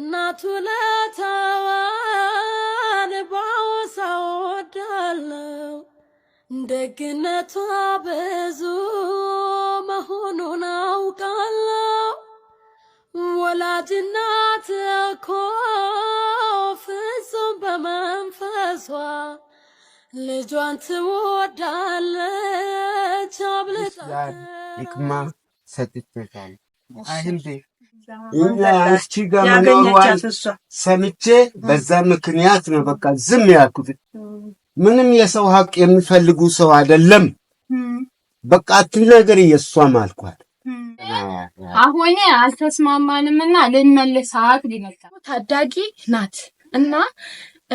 እናቱ ለታዋን ባወሳ ደግነቷ ብዙ መሆኑን አውቃለው። ወላጅናት እኮ ፍጹም በመንፈሷ ልጇን ትወዳለች አብልጣ ይቅማ ሰጥቼታል። እስቲ ጋር መኖሯን ሰምቼ በዛ ምክንያት ነው በቃ ዝም ያልኩት። ምንም የሰው ሀቅ የሚፈልጉ ሰው አይደለም። በቃ አትናገሪ የእሷም አልኳት። አሁን አልተስማማንምና ልንመልሳት ሊመጣ ታዳጊ ናት እና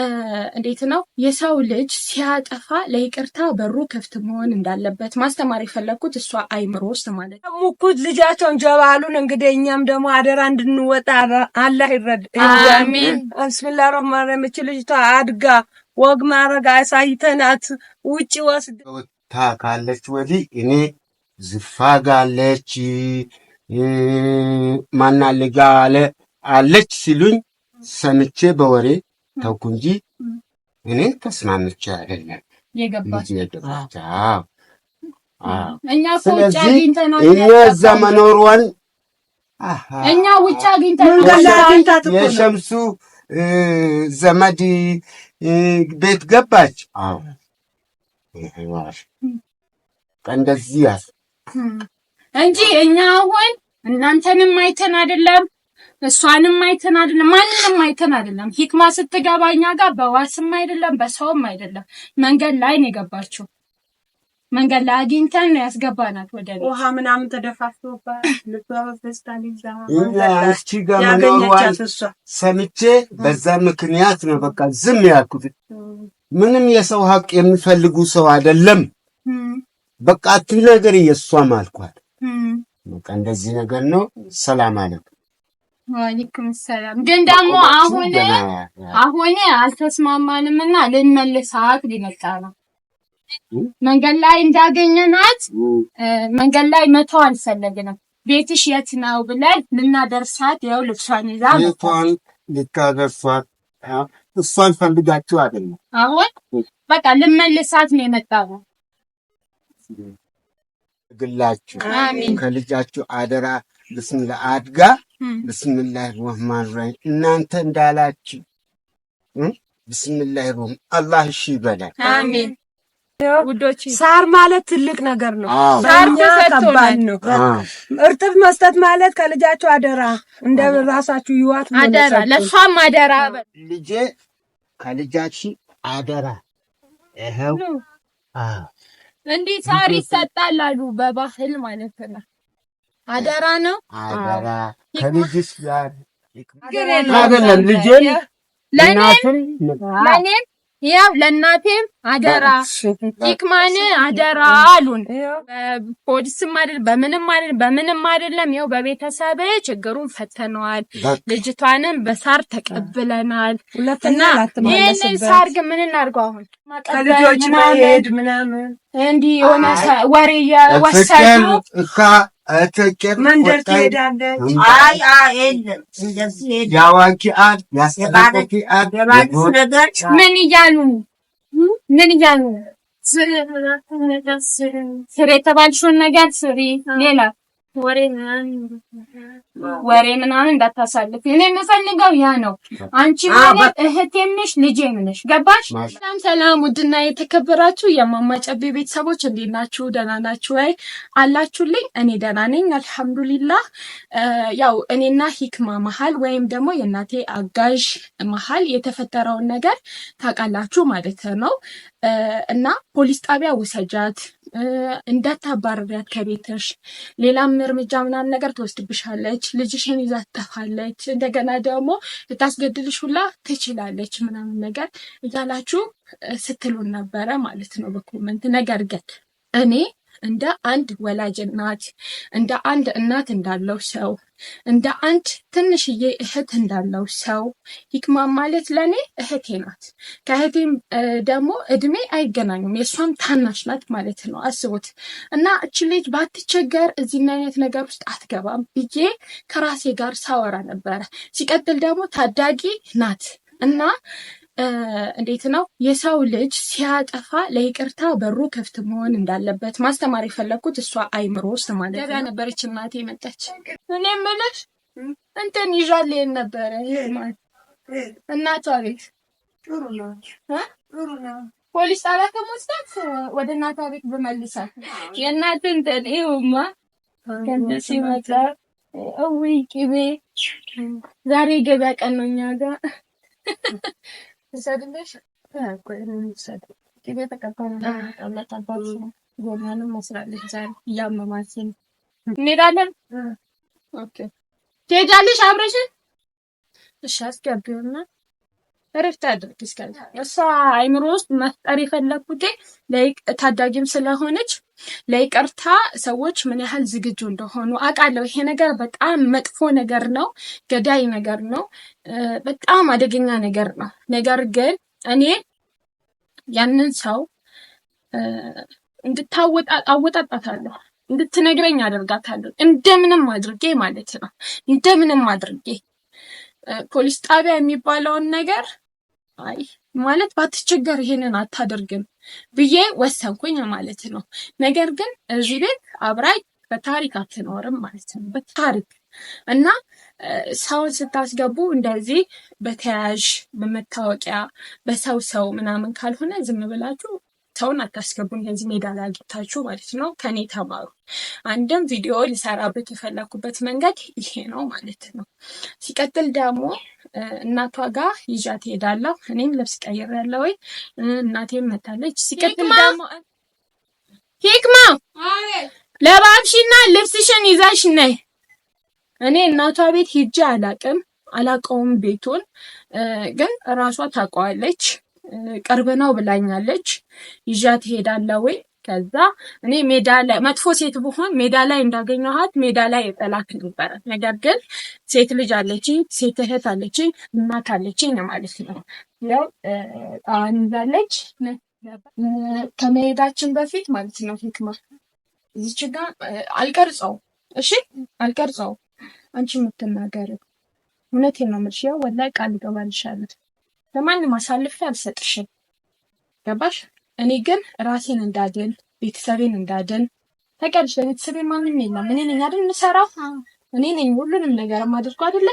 እንዴት ነው የሰው ልጅ ሲያጠፋ ለይቅርታ በሩ ክፍት መሆን እንዳለበት ማስተማር የፈለግኩት እሷ አይምሮ ውስጥ ማለት ነው። ሙኩት ልጃቸውን ጀባሉን እንግዲህ እኛም ደግሞ አደራ እንድንወጣ አላ ይረድ። አሚን። ብስሚላ ረህማን ረሂም። ልጅቷ አድጋ ወግ ማረግ አሳይተናት ውጭ ወስድ ታ ካለች ወዲህ እኔ ዝፋ ጋለች ማናልጋ አለ አለች ሲሉኝ ሰምቼ በወሬ ተውኩ እንጂ እኔ ተስማምቼ አይደለም የገባች። ስለዚህ እኛ መኖሯን እኛ ውጭ አግኝተን የሸምሱ ዘመድ ቤት ገባች። አዎ እንደዚህ እንጂ እኛ አሁን እናንተንም አይተን አይደለም እሷንም አይተን አይደለም፣ ማንንም አይተን አይደለም። ሂክማ ስትገባ እኛ ጋር በዋስም አይደለም፣ በሰውም አይደለም። መንገድ ላይ ነው የገባችው። መንገድ ላይ አግኝተን ነው ያስገባናት። ወደ ውሃ ምናምን ተደፋፍቶባት ሰምቼ በዛ ምክንያት ነው በቃ ዝም ያልኩት። ምንም የሰው ሀቅ የሚፈልጉ ሰው አይደለም። በቃ አትይ ነገር እየሷም አልኳት። በቃ እንደዚህ ነገር ነው። ሰላም አለኩ ወአለይኩም ሰላም። ግን ደግሞ አሁን አሁን አልተስማማንም እና ልንመልስ አቅ ሊመጣ ነው። መንገድ ላይ እንዳገኘናት መንገድ ላይ መተው አልፈለግንም። ቤትሽ የት ነው ብለን ልናደርሳት፣ ያው ልብሷን ይዛ ልብሷን ልታደርሷት እሷን ፈልጋችሁ አይደለም። አሁን በቃ ልመልሳት ነው የመጣው። ግላችሁ ከልጃችሁ አደራ ብስምላ አድጋ ብስምላ ሮህማን ራሂም እናንተ እንዳላችሁ ብስምላ ሮም አላህ እሺ ይበላል። አሜን። ሳር ማለት ትልቅ ነገር ነው። ሳር ከባድ ነው። እርጥብ መስጠት ማለት ከልጃችሁ አደራ እንደ ራሳችሁ ይዋት አደራ፣ ለሷም አደራ። ልጄ ከልጃችሁ አደራ። ይኸው እንዲህ ሳር ይሰጣል አሉ በባህል ማለት ነው። አደራ ነው አደራ ከልጅሽ ጋር አይደለም ልጄን ለእናቱም ለእኔም ያው ለእናቴም አደራ ይቅማን አደራ አሉን። ፖሊስም አይደል በምንም አይደል በምንም አይደለም። ያው በቤተሰብ ችግሩን ፈተነዋል። ልጅቷንም በሳር ተቀብለናል። እና ይህንን ሳር ግን ምን እናድርገው አሁን ከልጆች መሄድ ምናምን እንዲህ የሆነ ወሬ እየወሰዱ መንደር ትሄዳለህ? አይ የለም፣ ምን እያሉ ምን እያሉ ስር የተባልሽውን ነገር ስሪ ሌላ ወሬ ወሬ ምናምን እንዳታሳልፍ። እኔ የምፈልገው ያ ነው። አንቺ ማለት እህቴም ነሽ ልጄም ነሽ። ገባሽ? ሰላም ሰላም። ውድና የተከበራችሁ የማማ ጨቤ ቤተሰቦች እንዴት ናችሁ? ደህና ናችሁ ወይ? አላችሁልኝ? እኔ ደህና ነኝ አልሐምዱሊላህ። ያው እኔና ሂክማ መሀል ወይም ደግሞ የእናቴ አጋዥ መሀል የተፈጠረውን ነገር ታውቃላችሁ ማለት ነው እና ፖሊስ ጣቢያ ውሰጃት እንዳታባረሪያት ከቤትሽ ሌላም እርምጃ ምናምን ነገር ትወስድብሻለች ትሄዳለች፣ ልጅሽን ይዛ እንደገና ደግሞ ልታስገድልሽ ሁላ ትችላለች ምናምን ነገር እያላችሁ ስትሉን ነበረ ማለት ነው በኮመንት ነገር ግን እኔ እንደ አንድ ወላጅ እናት እንደ አንድ እናት እንዳለው ሰው እንደ አንድ ትንሽዬ እህት እንዳለው ሰው ሂክማ ማለት ለእኔ እህቴ ናት። ከእህቴም ደግሞ እድሜ አይገናኙም። የእሷም ታናሽ ናት ማለት ነው። አስቡት እና እች ልጅ ባትቸገር እዚህን አይነት ነገር ውስጥ አትገባም ብዬ ከራሴ ጋር ሳወራ ነበረ። ሲቀጥል ደግሞ ታዳጊ ናት። እና እንዴት ነው የሰው ልጅ ሲያጠፋ ለይቅርታ በሩ ክፍት መሆን እንዳለበት ማስተማር የፈለግኩት እሷ አይምሮ ውስጥ ማለት ነው። ገበያ ነበረች እናቴ መጣች። እኔ ምልሽ እንትን ይዣል ይሄን ነበረ እናቷ ቤት ፖሊስ ጣቢያ ከመውሰድ ወደ እናቷ ቤት ብመልሳት የእናት እንትን ይኸውማ ከእንትን ሲመጣ እዊ ቅቤ ዛሬ ገበያ ቀን ነው እኛ ጋር እንሄዳለን። ትሄጃለሽ አብረሽ እሺ። አስገቢውና እረፍት አድርጊ። እስከ እሷ አይምሮ ውስጥ መፍጠር የፈለኩት ላይክ ታዳጊም ስለሆነች ለይቅርታ ሰዎች ምን ያህል ዝግጁ እንደሆኑ አውቃለሁ። ይሄ ነገር በጣም መጥፎ ነገር ነው፣ ገዳይ ነገር ነው፣ በጣም አደገኛ ነገር ነው። ነገር ግን እኔ ያንን ሰው እንድታወጣጣታለሁ፣ እንድትነግረኝ አደርጋታለሁ። እንደምንም አድርጌ ማለት ነው፣ እንደምንም አድርጌ ፖሊስ ጣቢያ የሚባለውን ነገር አይ ማለት ባትቸገር ይሄንን አታደርግም ብዬ ወሰንኩኝ ማለት ነው። ነገር ግን እዚህ ቤት አብራይ በታሪክ አትኖርም ማለት ነው። በታሪክ እና ሰውን ስታስገቡ እንደዚህ በተያያዥ በመታወቂያ በሰው ሰው ምናምን ካልሆነ ዝም ብላችሁ ሰውን አታስገቡ። እንደዚህ ሜዳ ላይ አግኝታችሁ ማለት ነው። ከኔ ተማሩ። አንድም ቪዲዮ ልሰራበት የፈለኩበት መንገድ ይሄ ነው ማለት ነው። ሲቀጥል ደግሞ እናቷ ጋር ይዣት ሄዳለሁ እኔም ልብስ ወይ እናቴም መታለች። ሲቀጥል ደግሞ ሂክማ ለባብሽና ልብስሽን ይዛሽ ነይ። እኔ እናቷ ቤት ሂጄ አላቅም አላቀውም ቤቱን ግን እራሷ ታውቀዋለች። ቅርብ ነው ብላኛለች። ይዣት ወይ ከዛ እኔ ሜዳ ላይ መጥፎ ሴት ብሆን ሜዳ ላይ እንዳገኘኋት ሜዳ ላይ የጠላት ነበረ። ነገር ግን ሴት ልጅ አለችኝ፣ ሴት እህት አለችኝ፣ እናት አለችኝ ማለት ነው። ያው አንዛለች ከመሄዳችን በፊት ማለት ነው። ህክማ እዚች ጋ አልቀርጸው፣ እሺ አልቀርጸው፣ አንቺ የምትናገር እውነቴን ነው የምልሽ። ያው ወላሂ ቃል እገባልሻለሁ፣ ለማንም አሳልፌ አልሰጥሽም። ገባሽ? እኔ ግን ራሴን እንዳድን ቤተሰቤን እንዳድን ተቀርሽ ለቤተሰቤ ማንም የለም። እኔ ነኝ አይደል የምሰራው፣ እኔ ነኝ ሁሉንም ነገር የማደርገው አይደለ?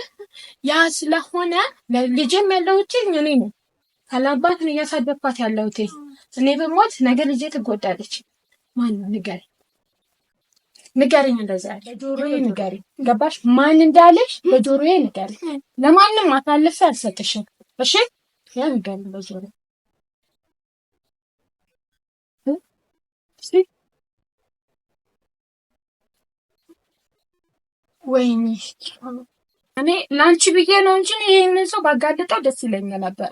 ያ ስለሆነ ልጄም ያለሁት እኔ ነኝ። ካላባት ነው እያሳደግኳት ያለሁት። እኔ በሞት ነገ ልጄ ትጎዳለች። ማነው ንገሪኝ፣ ንገሪኝ፣ እንደዛ ለጆሮዬ ንገሪ። ገባሽ? ማን እንዳለሽ ለጆሮዬ ንገሪ። ለማንም አሳልፌ አልሰጥሽም። እሺ? ያ ንገሪኝ ለጆሮዬ ወይኔ እኔ ለአንቺ ብዬ ነው እንጂ ይህንን ሰው ባጋልጠው ደስ ይለኝ ነበር።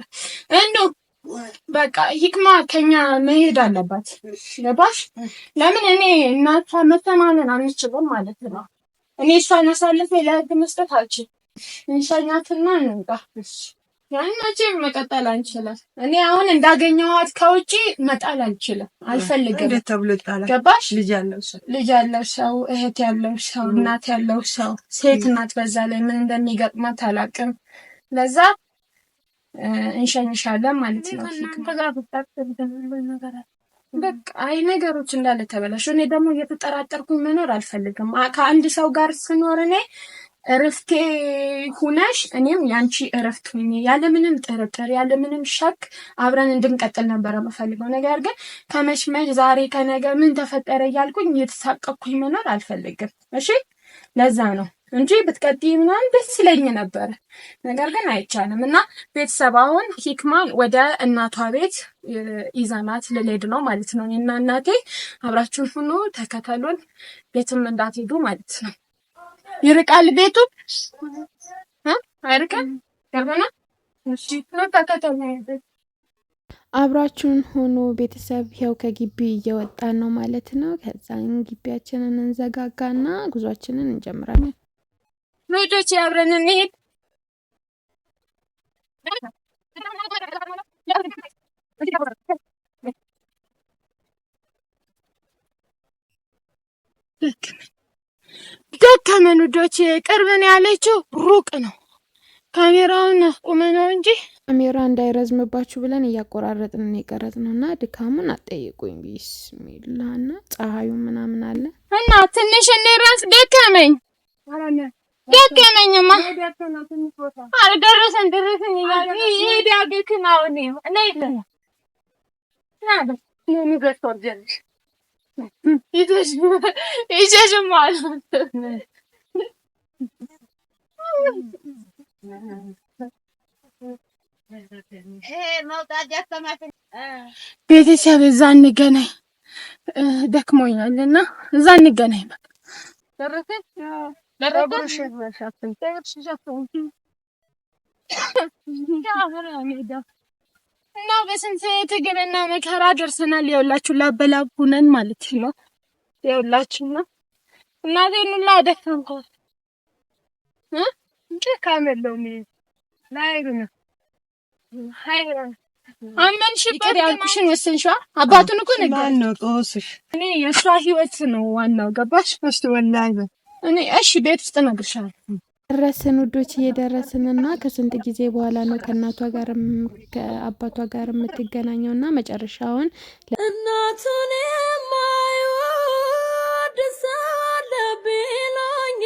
በቃ ሂክማ ከኛ መሄድ አለባት። ገባሽ? ለምን እኔ እናቷ መተማመን አንችልም ማለት ነው። እኔ እሷን አሳልፌ ለህግ መስጠት አልችልም። እንሸኛትና ያን መቼም መቀጠል አንችልም። እኔ አሁን እንዳገኘኋት ከውጪ መጣል አልችልም፣ አልፈልግም። እንዴት ተብሎ ይጣላል? ገባሽ? ልጅ ያለው ሰው ልጅ ያለው ሰው እህት ያለው ሰው እናት ያለው ሰው ሴት እናት፣ በዛ ላይ ምን እንደሚገጥማት አላውቅም። ለዛ እንሸኝሻለን ማለት ነው። በቃ አይ ነገሮች እንዳለ ተበላሽ እኔ ደግሞ እየተጠራጠርኩኝ መኖር አልፈልግም። ከአንድ ሰው ጋር ስኖር እኔ እረፍቴ ሁነሽ እኔም ያንቺ እረፍት ሁኝ፣ ያለምንም ጥርጥር ያለምንም ሸክ አብረን እንድንቀጥል ነበረ የምፈልገው። ነገር ግን ከመሽመሽ ዛሬ ከነገ ምን ተፈጠረ እያልኩኝ እየተሳቀኩኝ መኖር አልፈልግም። እሺ፣ ለዛ ነው እንጂ ብትቀጥይ ምናምን ደስ ይለኝ ነበረ። ነገር ግን አይቻልም እና ቤተሰብ አሁን ሂክማን ወደ እናቷ ቤት ይዘናት ልሄድ ነው ማለት ነው። እና እናቴ አብራችሁን ሁኑ፣ ተከተሉን፣ ቤትም እንዳትሄዱ ማለት ነው። ይርቃል ቤቱ አብራችሁን ሆኖ ቤተሰብ ይኸው ከግቢ እየወጣን ነው ማለት ነው። ከዛን ግቢያችንን እንዘጋጋና ጉዟችንን እንጀምራለን። ሎጆች አብረን እንሄድ ልክ ደከመን ውዶች፣ ቅርብን ያለችው ሩቅ ነው። ካሜራውን ቁመ ነው እንጂ ካሜራ እንዳይረዝምባችሁ ብለን እያቆራረጥን የቀረጥ ነው እና ድካሙን አጠይቁኝ። ቢስሚላ እና ፀሐዩ ምናምን አለ እና ትንሽ እንራስ ደከመኝ ደከመኝማ አልደረሰን ደረሰን ይሄዳግክናውን ነ ቤተሰብ እዛ እንገናኝ። ደክሞኛል እና እዛ እንገናኝ። በቃ እና በስንት ትግልና መከራ ደርሰናል። የውላችሁ ላበላብ ማለት ነው። የውላችሁና እናቴን ሁላ አደከምኳት እ እንጂ ካመለውም ላይሩ ነው ሀይራ አመንሽበት ያልኩሽን ወሰንሽዋ። አባቱን እኮ ነገር ነው ቆስሽ። እኔ የእሷ ህይወት ነው ዋናው ገባሽ? እሺ ወላሂ እኔ እሺ ቤት ውስጥ እነግርሻለሁ ደረስን ውዶች እየደረስን እና ከስንት ጊዜ በኋላ ነው ከእናቷ ጋር ከአባቷ ጋር የምትገናኘው እና መጨረሻውን እናቱን የማይወድ ሳለ ቢሎኝ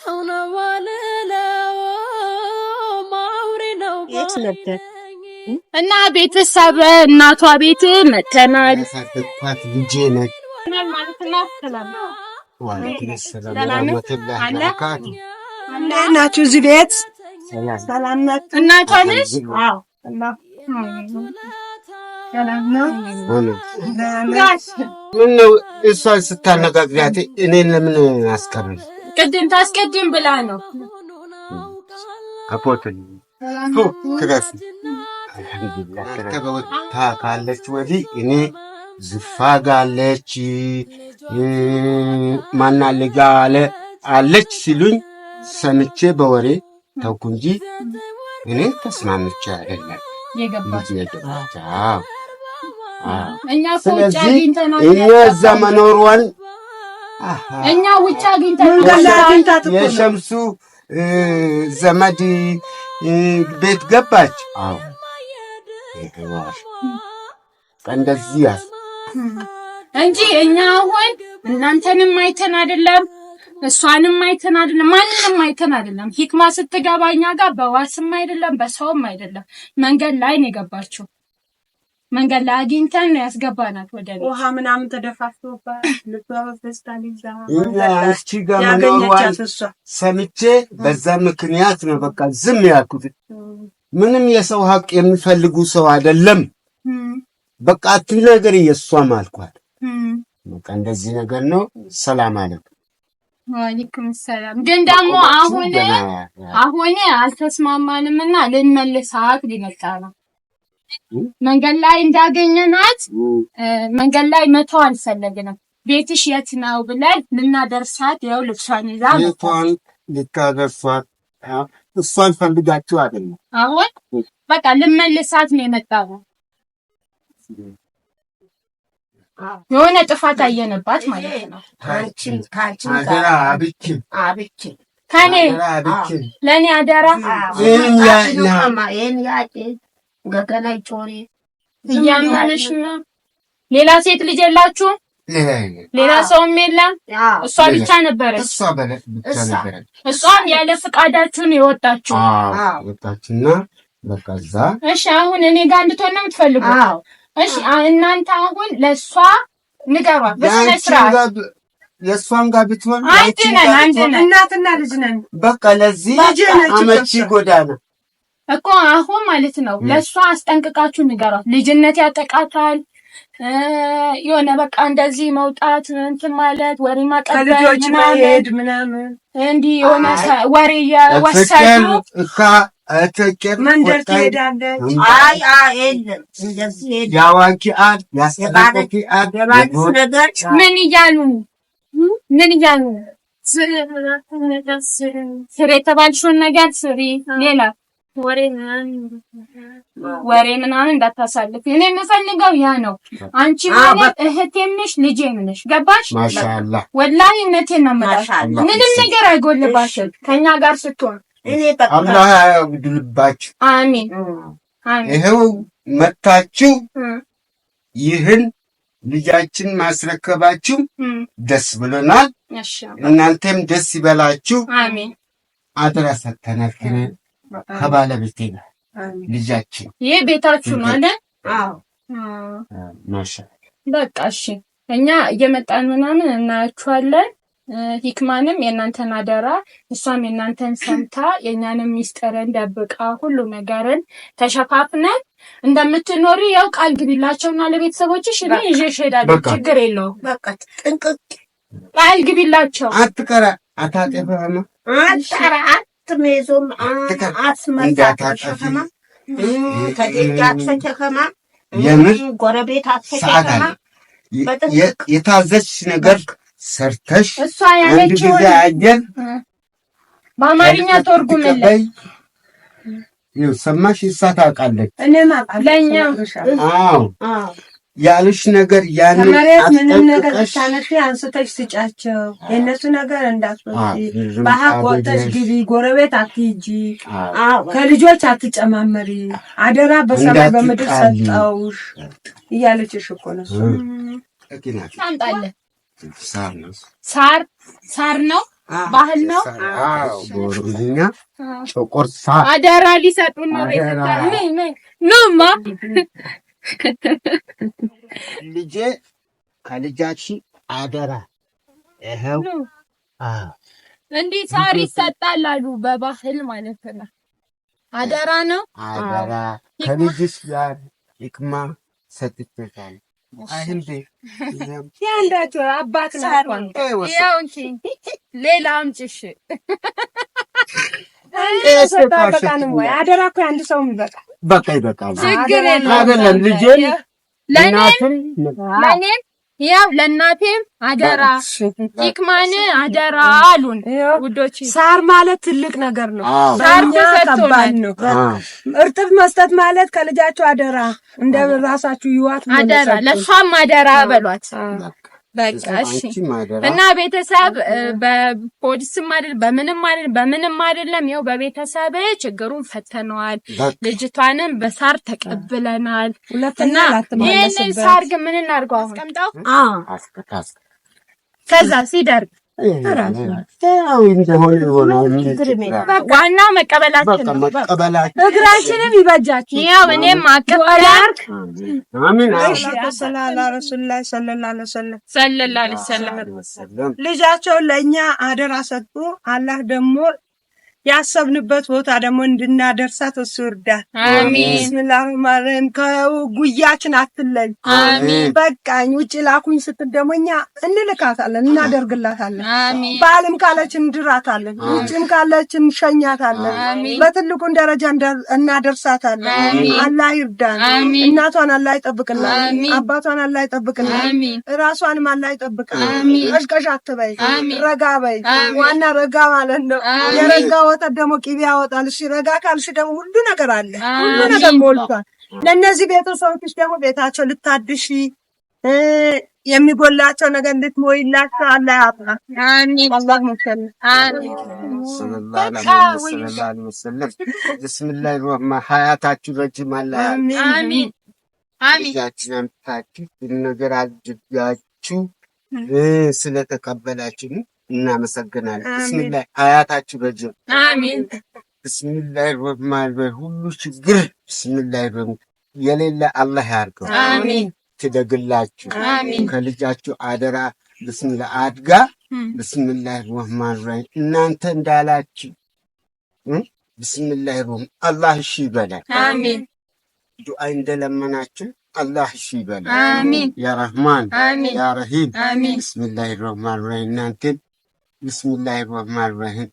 ሰው ነው አልለው ማውሪ ነው እና ቤተሰብ እናቷ ቤት መተናል ማለት ነው። እንዴት ናችሁ? እዚህ ቤት ሰላም ናችሁ? እናቷንሽ ምነው እሷን ስታነጋግሪያት እኔን ለምን አስቀርም? ቅድም ታስቀድም ብላ ነው። አልሐምዱሊላህ ካለች ወዲህ እኔ ዝፋጋለች አለች፣ ማናለጋ አለች ሲሉኝ ሰምቼ በወሬ ተውኩ እንጂ እኔ ተስማምቼ አይደለም። ስለዚህ እኛ እዛ መኖሯን እኛ ውጭ አግኝተናል። የሸምሱ ዘመድ ቤት ገባች። አዎ እንደዚህ እንጂ እኛ አሁን እናንተንም አይተን አይደለም፣ እሷንም አይተን አይደለም፣ ማንንም አይተን አይደለም። ሂክማ ስትገባ እኛ ጋር በዋስም አይደለም፣ በሰውም አይደለም። መንገድ ላይ ነው የገባችው። መንገድ ላይ አግኝተን ነው ያስገባናት። ወደ ውሃ ምናምን ተደፋፍቶባት ሰምቼ በዛ ምክንያት ነው በቃ ዝም ያልኩት። ምንም የሰው ሀቅ የሚፈልጉ ሰው አይደለም። በቃ አትይ ነገር እየሷም አልኳት። በቃ እንደዚህ ነገር ነው። ሰላም አለ። ዋሊኩም ሰላም። ግን ደግሞ አሁን አሁን አልተስማማንም እና አቅ ሊመጣ ነው። መንገድ ላይ እንዳገኘናት መንገድ ላይ መተው አልፈለግንም። ቤትሽ የት ነው ብለን ልናደርሳት ያው ልብሷን ይዛ ቤቷን ልታደርሷት እሷን ፈልጋችሁ አይደለም። አሁን በቃ ልመልሳት ነው የመጣው የሆነ ጥፋት አየንባት ማለት ነው። ከኔ ለእኔ አደራ እያመነሽ ነው። ሌላ ሴት ልጅ የላችሁ? ሌላ ሰውም የለም። እሷ ብቻ ነበረች። እሷም ያለ ፍቃዳችሁን የወጣችሁ ወጣችና በቃ እዛ። እሺ አሁን እኔ ጋር እንድትሆን ነው የምትፈልጉት? እሺ እናንተ አሁን ለእሷ ንገሯት በስነ ስርዓት። የእሷም ጋር ብትሆን አንድ ነን፣ አንድ ነን፣ እናትና ልጅ ነን። በቃ ለዚህ አመቺ ጎዳና እኮ አሁን ማለት ነው። ለእሷ አስጠንቅቃችሁ ንገሯት። ልጅነት ያጠቃታል የሆነ በቃ እንደዚህ መውጣት እንትን ማለት ወሬ ማቀበል ልጆች መሄድ ምናምን እንዲህ የሆነ ወሬ እየወሰዱ መንደር ትሄዳለህ? አይ ምን እያሉ ምን እያሉ የተባልሽውን ነገር ስሪ፣ ሌላ ወሬ ወሬ ምናምን እንዳታሳልፍ። እኔ የምፈልገው ያ ነው። አንቺ እህቴም ነሽ ልጄም ነሽ። ገባሽ? ወላሂ ነው የምልሽ። ምንም ነገር አይጎልባሽም ከኛ ጋር ስትሆን አላህ ያጉድልባችሁ። አሜን። ይኸው መታችሁ ይህን ልጃችን ማስረከባችሁ ደስ ብሎናል። እናንተም ደስ ይበላችሁ። አሜን። አደራ ሰተናክን ከባለቤቴ ጋር ልጃችን ይህ ቤታችሁ ነው በቃ እሺ፣ እኛ እየመጣን ምናምን እናያችኋለን። ሂክማንም የእናንተን አደራ እሷም የእናንተን ሰምታ የእኛንም ሚስጥርን ደብቃ ሁሉ ነገርን ተሸፋፍነን እንደምትኖሪ ያው ቃል ግቢላቸውና ለቤተሰቦችሽ እኔ ይዤሽ ሄዳለ ችግር የለው ጥንቅቅ ቃል ግቢላቸው። አትቀራ አታጠፈማ አትቀራ አትሜዞም አትመዛከማ ከዴጃ አትፈቸከማ የምን ጎረቤት አትፈቸከማ የታዘች ነገር ሰርተሽ አንድ ጊዜ አየን። በአማርኛ ተርጉምልኝ። ሰማሽ? እሷ ታውቃለች። አዎ ያሉሽ ነገር ያን ከመሬት ምንም ነገር ስታነሺ አንስተሽ ስጫቸው። የእነሱ ነገር እንዳትወስጂ፣ በሀቅ ወጥተሽ ግቢ። ጎረቤት አትሂጂ፣ ከልጆች አትጨማመሪ። አደራ በሰማይ በምድር ሰጠውሽ እያለችሽ እኮ ነው። ሳር ሳር ነው፣ ባህል ነው። ኦሮምኛ ጮቆር ሳር አደራ ሊሰጡን ነው። ኖማ ልጄ ከልጃችን አደራ ይኸው እንዲህ ሳር ይሰጣል አሉ። በባህል ማለት ነው። አደራ ነው። አደራ ከልጅሽ ጋር ልቅማ ሰጥቼታለሁ ያንዳቸው አባት ሌላ አምጪ። እሺ አደራ እኮ አንድ ሰው በቃ በቃ ይበቃል። ችግር የለም አይደለም ልጄን ለእኔም ያው ለእናቴም አደራ ይክማን አደራ አሉን ውዶች። ሳር ማለት ትልቅ ነገር ነው። ሳር ከባድ ነው። እርጥብ መስጠት ማለት ከልጃችሁ አደራ፣ እንደ ራሳችሁ ይዋት አደራ፣ ለሷም አደራ በሏት። በቃ እና ቤተሰብ በፖሊስም አይደል በምንም አይደል በምንም አይደለም፣ ያው በቤተሰብ ችግሩን ፈተነዋል። ልጅቷንም በሳር ተቀብለናል። እና ይህንን ሳር ግን ምን እናድርገው አሁን? አስቀምጣው። ከዛ ሲደርግ ዋናው መቀበላችን ነው። እግራችንም ይበጃችሁ። ያው እኔም ለእኛ አደራ ሰጡ። አላህ ደግሞ ያሰብንበት ቦታ ደግሞ እንድናደርሳት እሱ እርዳት። አሚን። ብስሚላ ማረን ከጉያችን አትለይ። አሚን። በቃኝ ውጭ ላኩኝ ስትል ደግሞ እኛ እንልካታለን፣ እናደርግላታለን። በዓለም ካለች እንድራታለን፣ ውጭም ካለች እንሸኛታለን። በትልቁን ደረጃ እናደርሳታለን። አላህ ይርዳን። እናቷን አላህ ይጠብቅላል። አባቷን አላህ ይጠብቅላል። ራሷንም አላህ ይጠብቅላል። ቀሽቀሽ አትበይ፣ ረጋ በይ። ዋና ረጋ ማለት ነው የረጋ ከወተት ደግሞ ቅቤ ያወጣል። ሲረጋ ረጋ ካልሽ ደግሞ ሁሉ ነገር አለ፣ ሁሉ ነገር ሞልቷል። ለእነዚህ ቤተሰቦች ደግሞ ቤታቸው ልታድሺ የሚጎላቸው ነገር እንድትሞይላቸው አላ ያጥራ። አላህ መስለ ብስሚላ ሮማ ሀያታችሁ ረጅም አላ ነገር አድጋችሁ ስለተቀበላችሁ እናመሰግናለን። ብስሚላይ አያታችሁ በጅ አሚን። ብስሚላይ ረማልበል ሁሉ ችግር ብስሚላይ ረም የሌለ አላህ ያርገው። አሚን። ትደግላችሁ ከልጃችሁ አደራ ብስሚላ አድጋ ብስሚላይ ረማልበል እናንተ እንዳላችሁ ብስሚላይ ሩም አላህ እሺ ይበላል። አሚን። ዱአይ እንደለመናችሁ አላህ እሺ ይበላል። አሚን። ያ ረህማን ያ ረሂም ብስሚላይ ረማን እናንተን ብስሚላ ረህማን ረሂም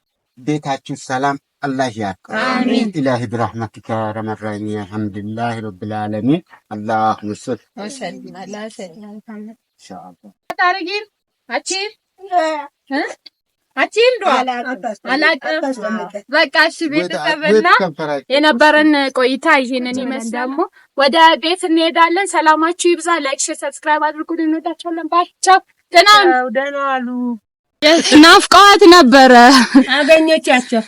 ቤታችን ሰላም አላህ ያቅ አሚን። ኢላሂ ብራህመቲከ ረመራኒ አልሐምዱሊላህ ረብልዓለሚን ዓለሚን አላህ ምስል አቺን ዶ አላቅም በቃ እሺ። ቤተሰብና የነበረን ቆይታ ይህንን ይመስል ደግሞ ወደ ቤት እንሄዳለን። ሰላማችሁ ይብዛ። ላይክ፣ ሼር፣ ሰብስክራይብ አድርጉ። እንወዳችኋለን። ባቻው ቻው። ደህና ዋሉ። ናፍቀዋት ነበረ አገኘቻቸው።